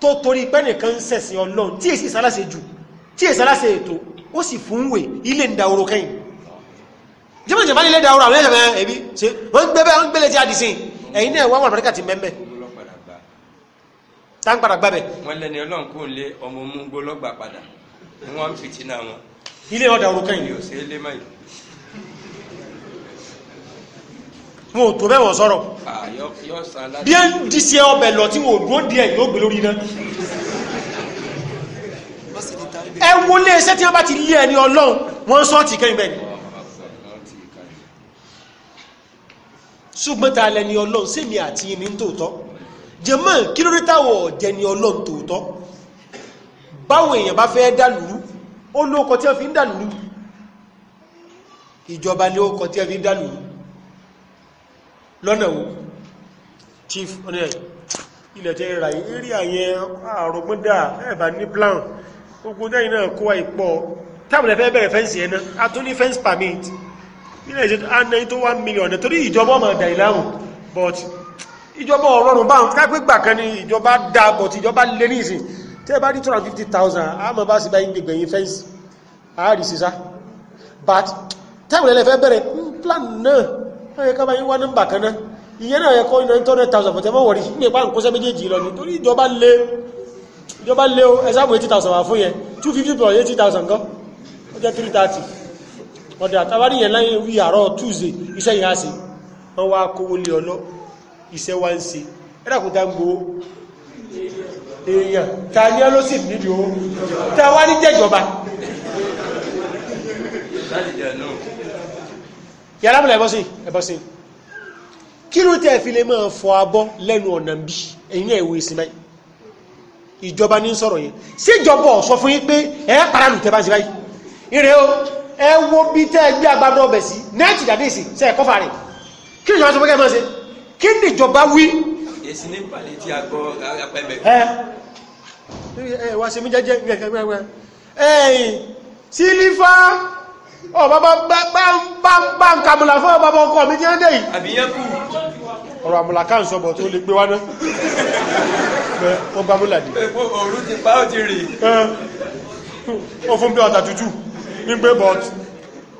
tó torí pé nìkan ń sẹ̀sìn ọlọ́run tí èsì sálásẹ̀ jù tí èsì sálásẹ̀ ètò ó sì fún wè ilé ń da tá n padà gbàbẹ. wọn lẹni Ọlọ́run kò lé ọmọ mú gbó lọgbà padà ni wọn fìtínà wọn. ilé ọ̀dà orúkọ yìí. mi ò ṣe é lé mọ́ yìí. wọn ò tó bẹ́ẹ̀ wọ̀ sọ̀rọ̀. bí ẹ ń di sí ọbẹ̀ lọ tí wọn ò dúró díẹ̀ yóò gbé lórí iná. ẹ wọlé iṣẹ́ tí wọ́n bá ti lé ẹni Ọlọ́run wọ́n sọ́ọ̀tì kẹ́yìn bẹ́ẹ̀ ni. ṣùgbọ́n ta lẹni Ọlọ́run sẹ́mi àti yìí ní tòótọ́ jẹ́mọ́ kí ló dé táwọn ọ̀jẹ̀ ni ọlọ́run tòótọ́ báwọn èèyàn bá fẹ́ dàlúrú ó lóko tí wọ́n fi ń dàlúrú ìjọba ní ó kọ tí wọ́n fi ń dàlúrú lọ́nà wo chief ọ̀nà ilẹ̀ tẹ́ ìrà eré àyẹn àrògbọ́dà ẹ̀bà ní plan gbogbo dẹ́yìn náà kó wa ìpọ̀ tábìlẹ̀ fẹ́ bẹ̀rẹ̀ fẹ́ǹsì ẹ̀ náà a tún ní fẹ́ǹsì permit ilẹ̀ ìṣẹ́ àná million torí ìjọba ọmọ àdà but ìjọba ọ̀rọ̀rùn bá ń kápẹ́ gbà kan ní ìjọba dáàbọ̀ tí ìjọba lè ní ìsìn tí ẹ bá ní 250,000 àmọ́ bá sí bá ń gbẹ̀gbẹ̀ yìí fẹ́ǹsì àárí sísá but tẹ́wọ̀n lẹ́lẹ́fẹ́ bẹ̀rẹ̀ plan náà ẹ̀yẹ ká bá yí wá nọ́mbà kan náà ìyẹn náà ẹ̀kọ́ iná 200,000 fọ̀tẹ́ mọ́ wọ̀rí ní ìpá nǹkan sẹ́méjèèjì lọ ní torí ìjọba lé ìjọba lé o ẹ̀sàbò 80,000 wà fún yẹn 250 plus 80,000 gan ó jẹ́ 330 ọ̀dẹ̀ àtàwárí yẹn láyé wí àárọ̀ Tuesday iṣẹ́ yìí á sí wọ́n wá kówó lé ọlọ́ iṣẹ́ wá ń ṣe ẹ́dàkùntà ń gbowó èèyàn ta ní ọ́ nídìí owó ta wá ní jẹ́jọba yàrá mìíràn ẹ̀bọ́sìn ẹ̀bọ́sìn kí ló tẹ́ fi lè máa fọ abọ́ lẹ́nu ọ̀nà bí ẹ̀yìn ẹ̀wọ̀ ìsinmi ìjọba ní sọ̀rọ̀ yẹn síjọba ọ̀sọ́ fún yín pé ẹ̀ parálù tẹ́ bá sí báyìí ìrẹ́ o ẹ wo bí tẹ́ gbé agbádọ́ ọbẹ̀ sí nẹ́ẹ̀tì dàdé ìsìn sẹ́ẹ̀kọ́fà rẹ̀ kí ìjọba sọ pé kẹ́ máa ṣe kí nìjọba wí. èsì ní balẹ̀ tí a gbọ́ apẹ̀bẹ̀. ẹ ẹ wá sí mi jẹjẹ ẹyìn sílífà ọba bá bá ń kàmùlà fún ọba bá ọkọ mi jẹ́ ẹ́ dẹ̀ yìí. àbíyẹ́ kù. ọ̀rọ̀ àmùlà ká ń sọ bọ̀ tó lè gbé wá náà pẹ́ wọ́n gbá múlà dì. òòrùn ti pa ó ti rì. ó fún bí ọ̀tà tútù ní pé bọ́t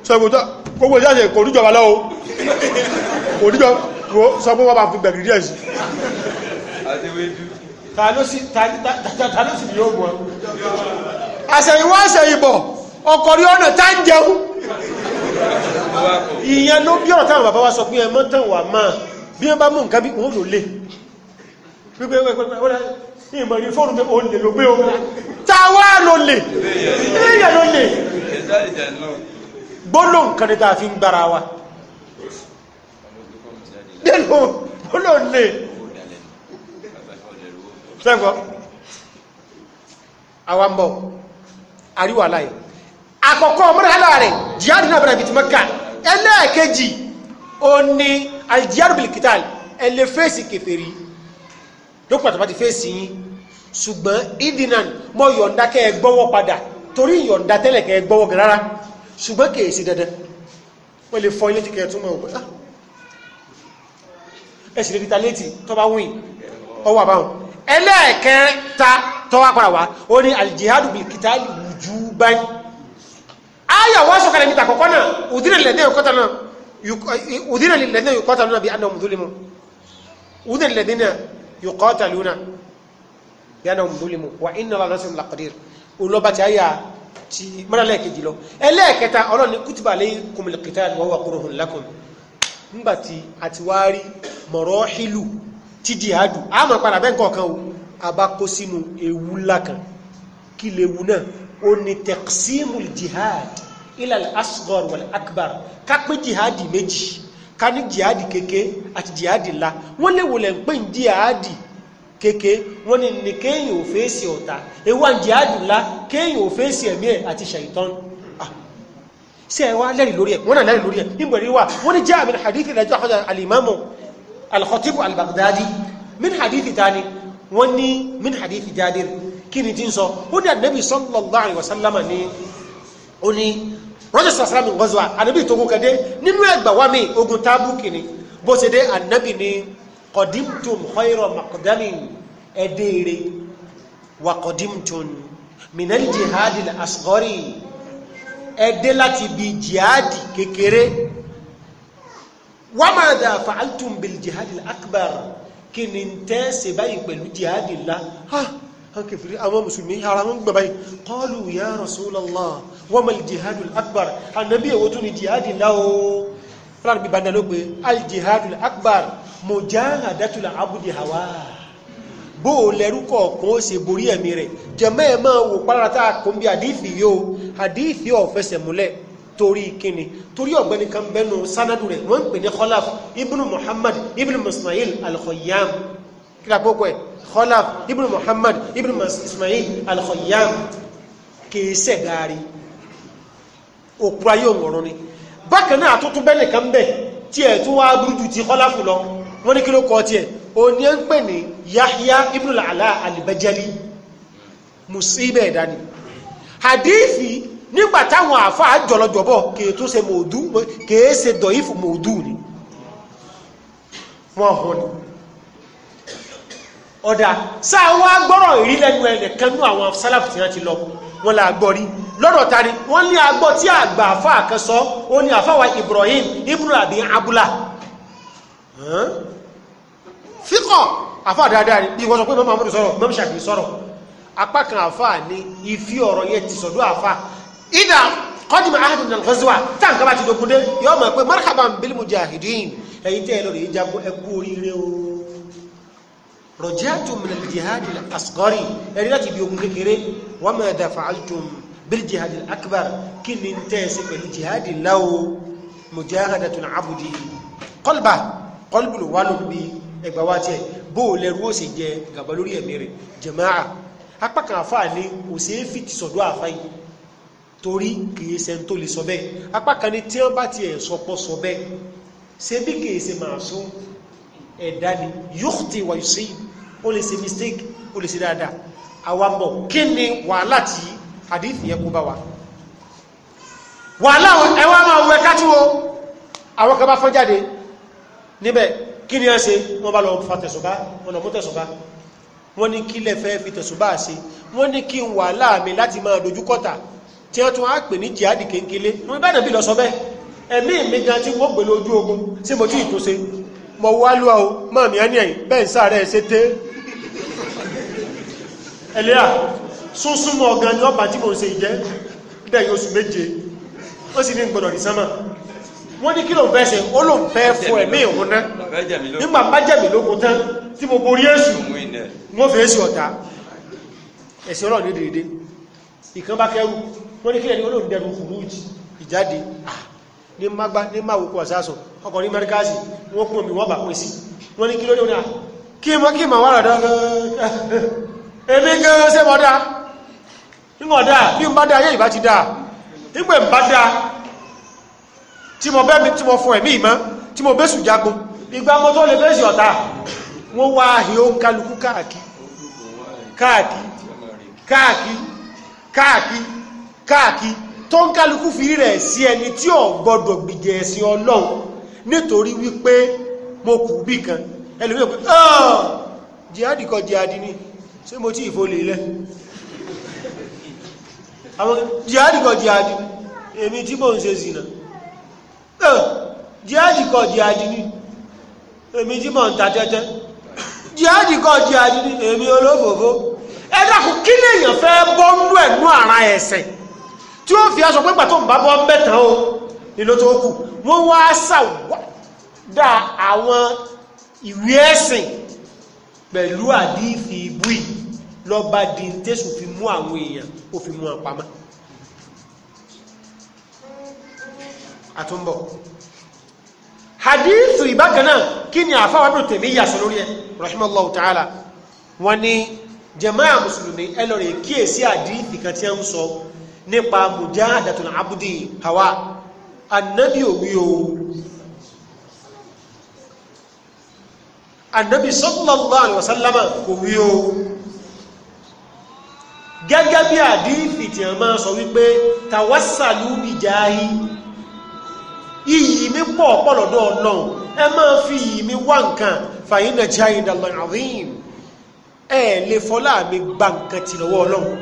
sọ ìgbòtá gbogbo ìjáde kò níjọba lọ́wọ́ kò níjọba wo sọ pé wọ́n bá fi gbẹ̀gì díẹ̀ sí ta ló sì ní yóò mọ̀ àṣẹ̀yìnwó àṣẹ̀yìnbọ̀ ọkọ̀ rí ọ̀nà tá ń jẹun ìyẹn ló bí ọ̀rọ̀ táwọn bàbá wa sọ pé ẹmọ́ tàn wà máa bí wọ́n bá mú nǹkan bí òun lò lè wípé ìmọ̀ ìrìn fóònù pé òun lè ló gbé ohun táwa ló lè ìyẹn ló lè gbólóhùn kan ní ta fi ń gbára wa dénú olóòlè sẹ́gbọ́ àwambọ̀ àríwà láì àkọ́kọ́ mọ́rẹ̀ aláà rẹ̀ jihad náà bẹ̀rẹ̀ bìtì mẹ́kà ẹlẹ́ẹ̀kejì o ní aljihad bilkital ẹlẹ́ fèsì kèfèrí lókùnà tó bá ti fèsì yìí ṣùgbọ́n idinan mọ́ yọ̀ǹda kẹ́ ẹ gbọ́wọ́ padà torí yọ̀ǹda tẹ́lẹ̀ kẹ́ ẹ gbọ́wọ́ gan rárá ṣùgbọ́n kèèsì dandan wọ́n lè fọ ilé tí kẹ́ ẹ túnmọ̀ ọ̀gbọ́n ẹ̀sì lè rítàlétì tó bá wùn ọwọ́ àbáhùn ẹlẹ́ẹ̀kẹta tọ́wà padà wá ó ní aljihadu bil kitali wujuban ayà wá sọ̀kalẹ̀ níta kọ̀kọ́ náà udhina lilladhina yuqataluna bi annahum dhulimu udhina lilladhina yuqataluna bi annahum dhulimu wa inna Allaha nasirun laqadir nígbàtí àtiwárí mọ̀rọ̀ọ́hìlù ti jihadu a mọ̀ padà bẹ́ẹ̀ kọ̀ọ̀kan o a bá kó sínú ewu ńlá kí lewu náà ó ní taqsimul jihad ilal asghar wal akbar ká pé jihadi méjì ká ní jihadi keke àti jihadi ńlá wọ́n léwu lẹ́ ń pè ní jihadi kéke wọ́n ní ní kéèyàn ò fèsì ọ̀tá ewu à ń jihadi ńlá kéèyàn ò fèsì ẹ̀mí ẹ̀ àti ṣàìtọ́nù sí ẹwà lẹ́rìí lórí ẹ̀ wọ́n náà lẹ́rìí lórí ẹ̀ nígbẹ̀rí wà wọ́n ní jẹ́ àmì hadithi ìdájọ́ àkọ́jà alìmọ́mù الخطيب البغدادي من حديث ثاني وني من حديث جابر كني تنسو هنا النبي صلى الله عليه وسلم ني oni rọ́jọ́ sàrásàrá mi gọ́zọ́ ànábì tó kókẹ́ dé nínú ẹgbà wá mi ogun tábù kìíní bó ṣe dé ànábì ni kọ̀dímtùm khayra maqdamin ẹ̀dẹ́rẹ́ wà kọ̀dímtùm minal jihadil asghari ẹ̀dẹ́ láti bi jihadi kékeré wàmàdà fàáltùm bil jihadi akbar kí ni tẹ́ ṣe báyìí pẹ̀lú jihadi ńlá ha kèfèrí àwọn musulmi ara wọn gbà báyìí qalu ya rasulallah wàmàl jihadi akbar ànábì èwo tún ni jihadi ńlá o fúlàní bí bandalo pé al jihadi akbar mujahadatul abudi hawa bó o lẹ́rú kọ̀ọ̀kan ó ṣe borí ẹ̀mí rẹ̀ jẹ́mẹ́ ẹ̀ kò ń bí àdífì yóò àdífì ọ̀fẹsẹ̀ torí kíni torí ọ̀gbẹ́ni kan bẹnu sanadu rẹ̀ wọ́n ń pè ní khalaf ibn muhammad ibn ismail al-khayyam kí lápòkò ẹ̀ khalaf ibn muhammad ibn ismail al-khayyam kìí sẹ̀ gaari òpùra yóò wọ̀rọ̀ ni bákan náà àtúntún bẹ́ẹ̀ nìkan bẹ̀ tí ẹ̀ tún wá burú ju ti khalaf lọ wọ́n ní kí ló kọ́ tiẹ̀ òní ẹ̀ ń pè ní yahya ibn al-ala al-bajali hadithi nígbà táwọn àfáà jọlọjọbọ kèé tó ṣe mòdú kèé ṣe dọ̀yìfù mòdú ni wọ́n hàn ní ọ̀dà sáà wá gbọ́rọ̀ ìrí lẹ́nu ẹnìkan ní àwọn sálàfù tí wọ́n ti lọ wọ́n la gbọ́ rí lọ́dọ̀ ta ni wọ́n ní agbọ́ tí àgbà àfá kan sọ ó ní àfáwà Ibrahim ibn Abi Abula fíkọ̀ àfá dáadáa ni wọ́n sọ pé mọ́mọ́ sọ̀rọ̀ mọ́mọ́ sọ̀rọ̀ apá kan àfá ní ìfí ọ̀rọ̀ yẹn ti sọ̀dọ̀ àfá ìdá kọ́dìmù ahadu nà lọ́síwá táwọn kaba ti dogun dé yọ ọmọ pé marhaban bil mujahidin ẹ̀yin tẹ́ ẹ lọ́rọ̀ yìí jagun ẹ kú oríire o rọ̀jẹ́tù min al-jihad al-asghari ẹ̀rí láti bí ogun kékeré wa ma dafa'altum bil jihad al-akbar kí ni tẹ́ ẹ ṣe pẹ̀lú jihad láwo mujahadatun abudi kọlba kọlbulu wàlùm bíi ẹgbà wá tiẹ̀ bó o ó sì jẹ gàbà lórí ẹ̀mí rẹ̀ apá kan àfáà ni kò fìtì sọ̀dọ̀ àfáà torí kìí ṣe tó lè sọ bẹ́ẹ̀ apá kan ní tí wọ́n bá ti ẹ̀ sọpọ̀ sọ bẹ́ẹ̀ ṣe bí kìí máa sún ẹ̀dá ni yóò ti wà sí ó lè ṣe mistake ó lè ṣe dáadáa àwa mọ̀ kí ni wàhálà tí hadith yẹn kó bá wa wàhálà ẹwà máa wẹ kájú o àwọn kan bá fọ́n jáde níbẹ̀ kí ni wọ́n ṣe wọ́n bá lọ fa tẹ̀sùbá wọn lọ mú tẹ̀sùbá wọ́n ní kí lẹ fẹ́ fi tẹ̀sùbá ṣe wọ́n ní kí n wàhálà láti máa dojú tí wọ́n tún á pè ní jihadi kéńkélé wọ́n bá nàbí lọ sọ bẹ́ẹ̀ ẹ̀mí mi gan tí wọ́n gbèlè ojú ogun sí mo tí ì túnṣe mọ̀ wá lúwa o mọ̀ mí ẹni ẹ̀yìn bẹ́ẹ̀ ń sáré ẹ̀ ṣe té ẹ̀lẹ́à súnsúnmọ́ ọ̀gán ni ọba tí mo ń ṣe ìjẹ́ dẹ̀yìn oṣù méje ó sì ní gbọ́dọ̀ ní sánmà wọ́n ní kí fẹ́ ṣe ó ló fẹ́ fọ ẹ̀mí ìhun náà nígbà bá jẹ̀mí lókun tán tí mo borí èṣù wọ́n fèé sí ọ̀tá ẹ̀sìn ọlọ́ọ̀ ní dèrèdè ìkan bá kẹrù wọ́n ní kí ẹni olóòrùn dẹrù kùrúùjì ìjáde ní magbá ní máa wòkú ọkọ̀ ní wọ́n kún omi wọ́n bà wọ́n ní kí ló kí mọ́ kí káàkiri tó ń kálukú fi rẹ̀ sí ẹni tí ò gbọdọ̀ gbìjẹ̀ ẹ̀sìn ọlọ́run nítorí wípé mo kù bí kan ẹlòmíì pé jihadi kọ jihadi ni ṣé mo tí ìfò lè lẹ àwọn jihadi kọ jihadi ni èmi tí mò ń ṣe zìnà jihadi kọ jihadi ni èmi tí mò ń ta tẹ́tẹ́ jihadi kọ jihadi ni èmi olófòfó ẹ dákun kí lèèyàn fẹ́ bọ́ ń lú ẹ̀nú àrà ẹ̀sẹ̀ tí ó fi aṣọ pẹ́gbà tó ń bá bọ́ mẹ́tàn o nílò tó kù wọ́n wá sàwádà àwọn ìwé ẹ̀sìn pẹ̀lú àdífi ìbúì lọ́ba di tẹ́sù fi mú àwọn èèyàn ó fi mú wọn pamọ́ àtúnbọ̀ hadithu ìbákaná kí ni àfáwà Ibn Taymiyyah sọ lórí ẹ rahimallahu ta'ala wọ́n ní jàmáà mùsùlùmí ẹlọ́rẹ̀ kíyèsí àdífi kan tí a ń sọ nípa mujahadatul abdi hawa annabi òwí o annabi sallallahu alaihi wasallam òwí o gẹ́gẹ́ bí àdífì tí a máa sọ wípé tawassalu bi jahi iyì mi pọ̀ pọ̀lọ̀dọ̀ ọlọ́run ẹ máa fi iyì mi wá nǹkan fàyínà jahi dàlọ́ àríyìn ẹ lè fọlá mi gba nǹkan tìlọ́wọ́ ọlọ́run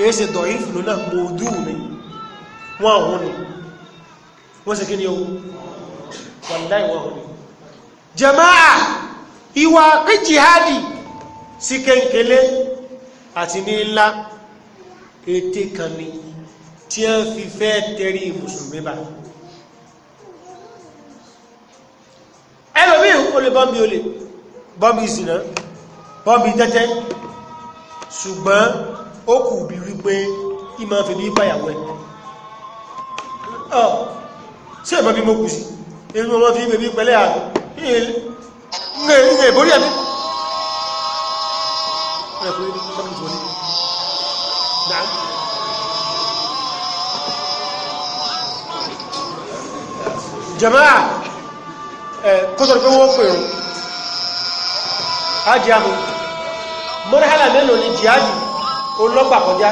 kìí ṣe dọ̀ ìfìlò náà mọ̀ọ́dú ni wọ́n àwọn ni wọ́n sì kí ni ohun wàláì wọ́n àwọn ni jama'a ìwà pé jihadi sí kẹ́ǹkẹ́lé àti ní ńlá ètè kan ni tí a fi fẹ́ tẹ̀rí mùsùlùmí bá ẹlòmíì olè bọ́m̀bì olè bọ́m̀bì ìsìnà bọ́m̀bì tẹ́tẹ́ ṣùgbọ́n ó kù bí wípé ìmọ̀ fi bí pàyàwó ẹ̀ sí ẹ̀mọ́ bí mo kù sí inú ọmọ fi bèbí pẹ̀lẹ́ àgbẹ̀ ilẹ̀ ìborí ẹ̀mí jama'a kọ́sọ̀rọ̀ pé wọ́n pèrò ájá mú mọ́rẹ́hálà mẹ́lò ní jihadi olọ́gbà kọjá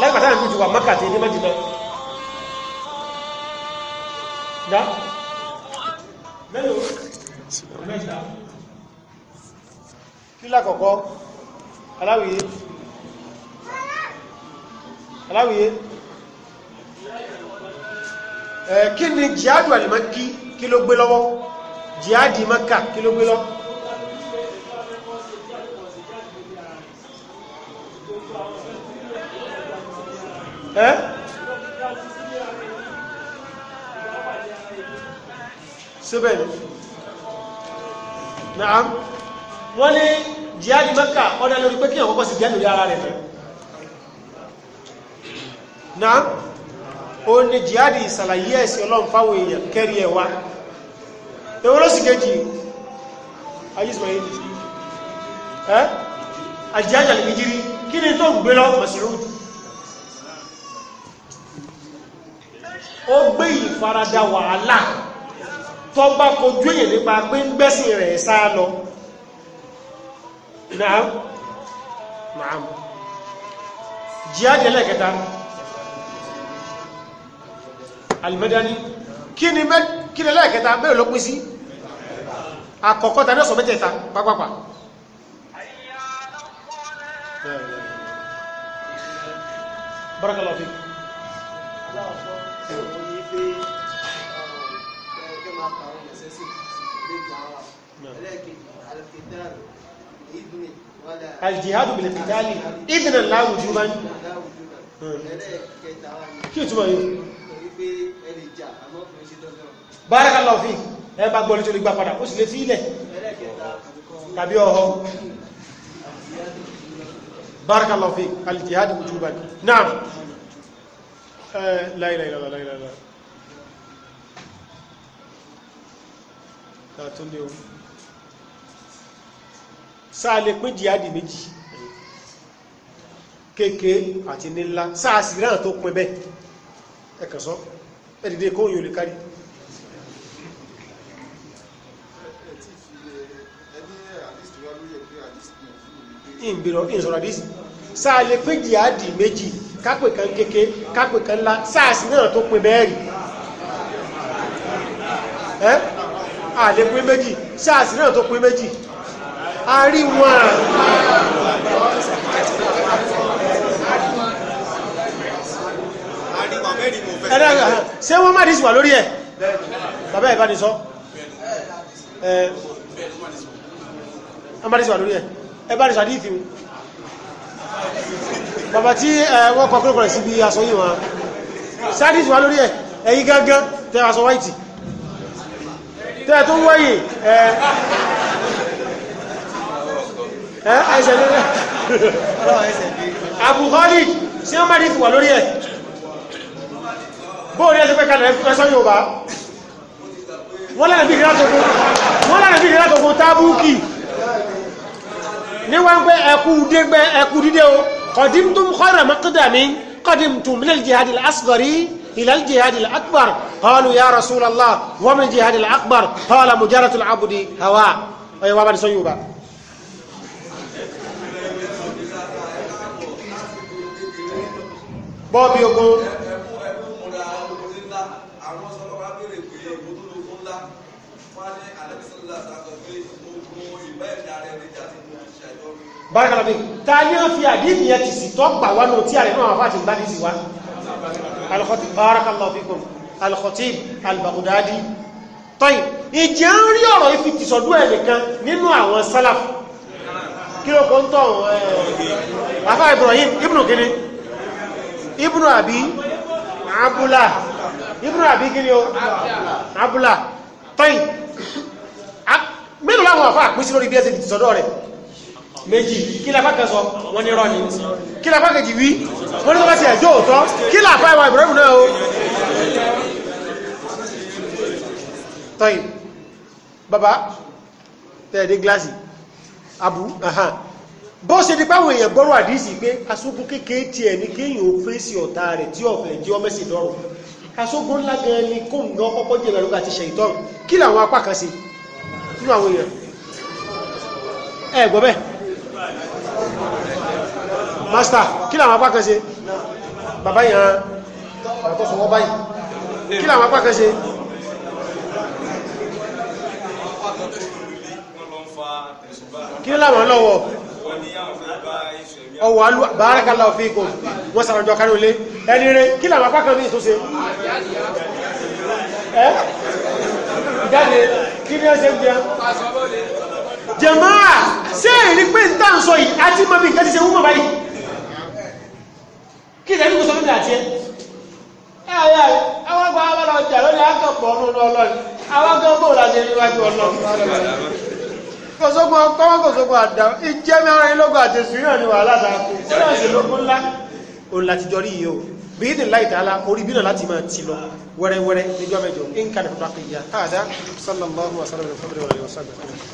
lẹ́gbà táwọn ìlú ti wà Mákà tí ní Mẹ́dínà dá mẹ́lò mẹ́ta kí lákọ̀ọ́kọ́ aláwìyé aláwìyé ẹ̀ kí ni jihadu alimaki kí ló gbé lọ́wọ́ jihadi Mákà kí ló gbé lọ́wọ́ ẹ́ síbẹ̀ ni naam wọ́n ní jihadi mẹ́ka ọ̀dá lórí pé kí àwọn kọ́kọ́ sí jihadi lórí ara rẹ̀ fẹ́ naam ó ní jihadi ìsàlàyé ẹ̀sìn ọlọ́run fáwọn èèyàn kẹ́rì ẹ̀ wá èwo ló sì kejì ayé ìsìnmáyé ẹ́ àjíjájà lè fi jírí kí ni tó ń gbé lọ́wọ́ mọ̀sílùú ó gbé ìfaradà wàhálà tó bá kojú èyàn nípa pé ń gbẹ́sìn rẹ̀ sá lọ naam naam jihad ẹlẹ́kẹta almadani kí ni ẹlẹ́kẹta bẹ́ẹ̀ ló pín sí àkọ́kọ́ tàbí ọ̀sọ̀ mẹ́tẹ̀ẹ̀ta pápápá barakallahu fik الجهاد بالقتال qitali idnan la wujuban kí o túnmọ̀ yìí barakallahu fi ẹ bá gbọ́ lójú gbà padà ó sì lè fi ilẹ̀ tàbí ọ̀họ́ barakallahu fi aljihadu wujuban naam la ilaha illallah la ilaha illallah tààtún lé o sáà lè pín jihadi méjì kéèké àti nílá sáà sì rán tó pín bẹ́ ẹ̀kàn sọ ẹ̀dìdẹ̀ kó yóò lè kárí ìbìrọ̀ ìsọ̀rọ̀ àdísì sáà lè pín jihadi méjì kápẹ̀ kan kéèké kápẹ̀ kan ńlá sáà sì rán tó pín bẹ́ẹ̀rì ẹ́ àlè pín méjì sáàsì náà tó pín méjì a rí wọn ṣé wọ́n má dísìwà lórí ẹ̀ bàbá ẹ̀ bá ní sọ ẹ̀ má dísìwà lórí ẹ̀ ẹ bá ní sọ àdíìtì bàbá tí wọ́n kọ kúrò kọ̀rẹ̀ síbi aṣọ yìí wọn sáàdíìtì wà lórí ẹ̀ ẹ̀yí gángan tẹ́ aṣọ wáìtì tẹ́ ẹ tó wẹ̀yìn ẹ ẹ ẹsẹ̀ lórí Abu Khalid sí ọmọ ìdí wà lórí ẹ̀ bóòrí ẹ̀ tó fẹ́ kalẹ̀ ẹ̀ sọ Yorùbá wọ́n lẹ́nà bí ìrìnà tó fún tábúkì ní wọ́n pẹ́ ẹkù dégbẹ́ ẹkù dídé o kọ̀dím tó ń kọ́ mílẹ̀ jihadil asghari ilal jihadil akbar قالوا يا رسول الله ومن جهاد الأكبر قال مجرة العبد هواء أي من سيوبا بابي ogun bárakàlàbí ta ní wọ́n fi àdífì yẹn ti sì tọ́pàá wánú tí àrẹ̀ náà wà fàtí gbádìí sí wá alùkọ́tí bárakàlàbí kùn al-Khatib al-Baghdadi tọ́yì ìjẹ́ ń rí ọ̀rọ̀ ifi tìsọ̀dún ẹ̀ nìkan nínú àwọn salaf kí ló kọ́ ń tọ̀ àfá Ibrahim ibnu kini ibnu àbí abúlá ibnu àbí kini o abúlá tọ́yì mélòó láwọn àfá àpín sí lórí bí ẹ méjì kí lápá kan sọ wọ́n ní rọ́ ni kí lápá kejì wí wọ́n ní tó bá ti ẹ̀jọ́ òótọ́ kí lápá ìwà ìbúrẹ́bù náà o tọ́yìn bàbá tẹ́ẹ̀dé gíláàsì abu bó ṣe di báwọn èèyàn gbọ́rọ̀ àdísì pé asógún kékeré tiẹ̀ ní kéèyàn ó fèsì ọ̀tá rẹ̀ tí ọ̀fẹ́ jí ọmẹ́sì dọ́rùn asógún ńlá gan ni kó ń lọ kọ́kọ́ jẹ́ ìrẹ̀lú àti ṣe ìtọ́rùn kí làwọn apá kan ṣe nínú àwọn èèyàn ẹ gbọ́ bẹ́ẹ̀ mástà kí làwọn apá kan ṣe bàbá yìí hàn àtọ́ sọ wọ́n báyìí kí làwọn apá kan ṣe. kí làwọn lọ́wọ́ o alú bàárakàlá òfin ikọ̀ wọ́n sàrànjọ kárí olé ẹni rẹ̀ kí làwọn apá kan ní ìtúnṣe ẹ́ ìjáde kí ní ẹsẹ̀ gbìyà jẹ̀máà sí èrí pé ń tàn sọ yìí àti mọ́bí ìjẹ́ ti ṣe wúmọ̀ báyìí kí ìdẹ́bí kò sọ fún mi àti ẹ ayé ayé àwọn àgbà wọn lọ jà lónìí akọ̀pọ̀ ọ̀nù ọlọ́ọ̀ni àwọn akọ̀pọ̀ bò láti ẹni wájú ọlọ́ọ̀ni kòsókun kọ́wọ́ kòsókun àdá ìjẹ́ mi ara yín lọ́gọ̀ àti èsù náà ni wàhálà ta kú sílẹ̀ sí lókun ńlá òun láti jọ rí yìí o bí ìdè láì tààlà orí bí náà láti máa ti lọ wẹ́rẹ́wẹ́rẹ́ níjọ́ mẹ́jọ nǹkan ìfọ̀tàkìyà káàdá sallallahu